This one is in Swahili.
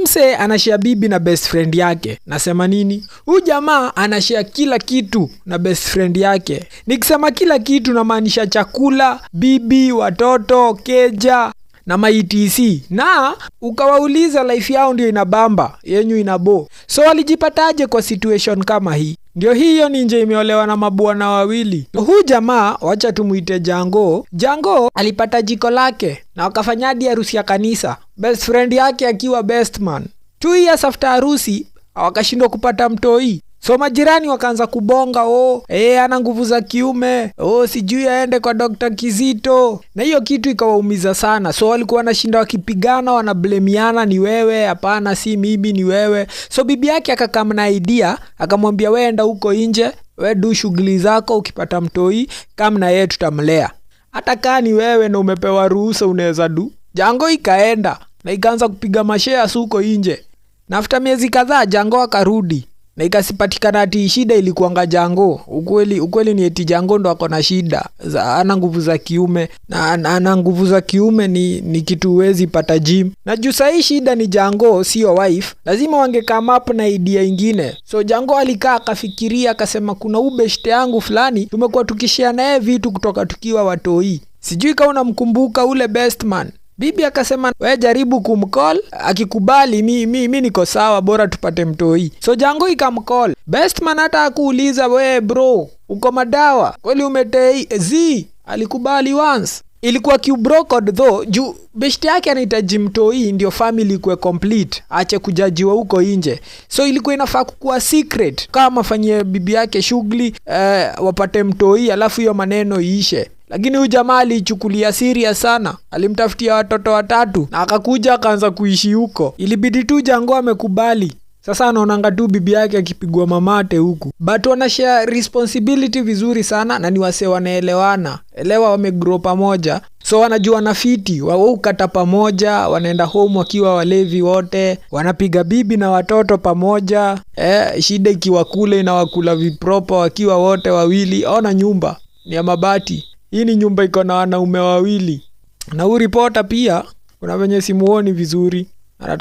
mse anashia bibi na best friend yake. Nasema nini? Huyu jamaa anashia kila kitu na best friend yake. Nikisema kila kitu namaanisha chakula, bibi, watoto, keja na maitc na ukawauliza life yao ndio inabamba yenyu inabo. So walijipataje kwa situation kama hii? Ndio hiyo Ninje imeolewa na mabwana wawili. Huu jamaa wacha tumuite Jango. Jango alipata jiko lake na wakafanya hadi harusi ya kanisa, best friend yake akiwa best man. Two years after harusi wakashindwa kupata mtoi. So majirani wakaanza kubonga, o oh, eh, ana nguvu za kiume, o oh, sijui aende kwa Dr. Kizito, na hiyo kitu ikawaumiza sana. So walikuwa wanashinda wakipigana, wanablemiana, ni wewe, hapana, si mimi, ni wewe. So bibi yake akakam na idea, akamwambia we enda huko nje, we du shughuli zako, ukipata mtoi kam na yeye tutamlea, hata kaa ni wewe na umepewa ruhusa, unaweza du jango. Ikaenda na ikaanza kupiga mashea suko nje, na afta miezi kadhaa jango akarudi na ikasipatikana ati shida ilikuanga Jango. Ukweli, ukweli ni eti Jango ndo ako na shida, ana nguvu za kiume na ana nguvu za kiume ni, ni kitu uwezi pata gym. Na juu sahii shida ni Jango, sio wife, lazima wange come up na idea ingine. So Jango alikaa akafikiria, akasema kuna ubeshte yangu fulani tumekuwa tukishia naye vitu kutoka tukiwa watoi. Sijui kama unamkumbuka ule best man Bibi akasema we jaribu kumkol akikubali mi, mi, mi niko sawa, bora tupate mtoi. So Jango ikamcall Bestman, hata akuuliza we bro, uko madawa kweli, umetei z alikubali once ilikuwa kiubrokod tho juu beshte yake anahitaji mtoi ndio famili ikuwe complete, ache kujajiwa huko nje. So ilikuwa inafaa kukuwa secret, kama afanyie bibi yake shughuli eh, wapate mtoi, alafu hiyo maneno iishe lakini huyu jamaa aliichukulia siria sana, alimtafutia watoto watatu na akakuja akaanza kuishi huko. Ilibidi tu Jango amekubali. Sasa anaonanga tu bibi yake akipigwa mamate huku, bat wanashare responsibility vizuri sana, na ni wasee wanaelewana, elewa, wamegro pamoja, so wanajua na fiti wao ukata pamoja, wanaenda home wakiwa walevi wote, wanapiga bibi na watoto pamoja. Eh, shida ikiwa inawakula vipropa wakiwa wote wawili. Ona nyumba ni ya mabati hii ni nyumba iko na wanaume wawili na huu ripota pia kuna venye simuoni vizuri anataka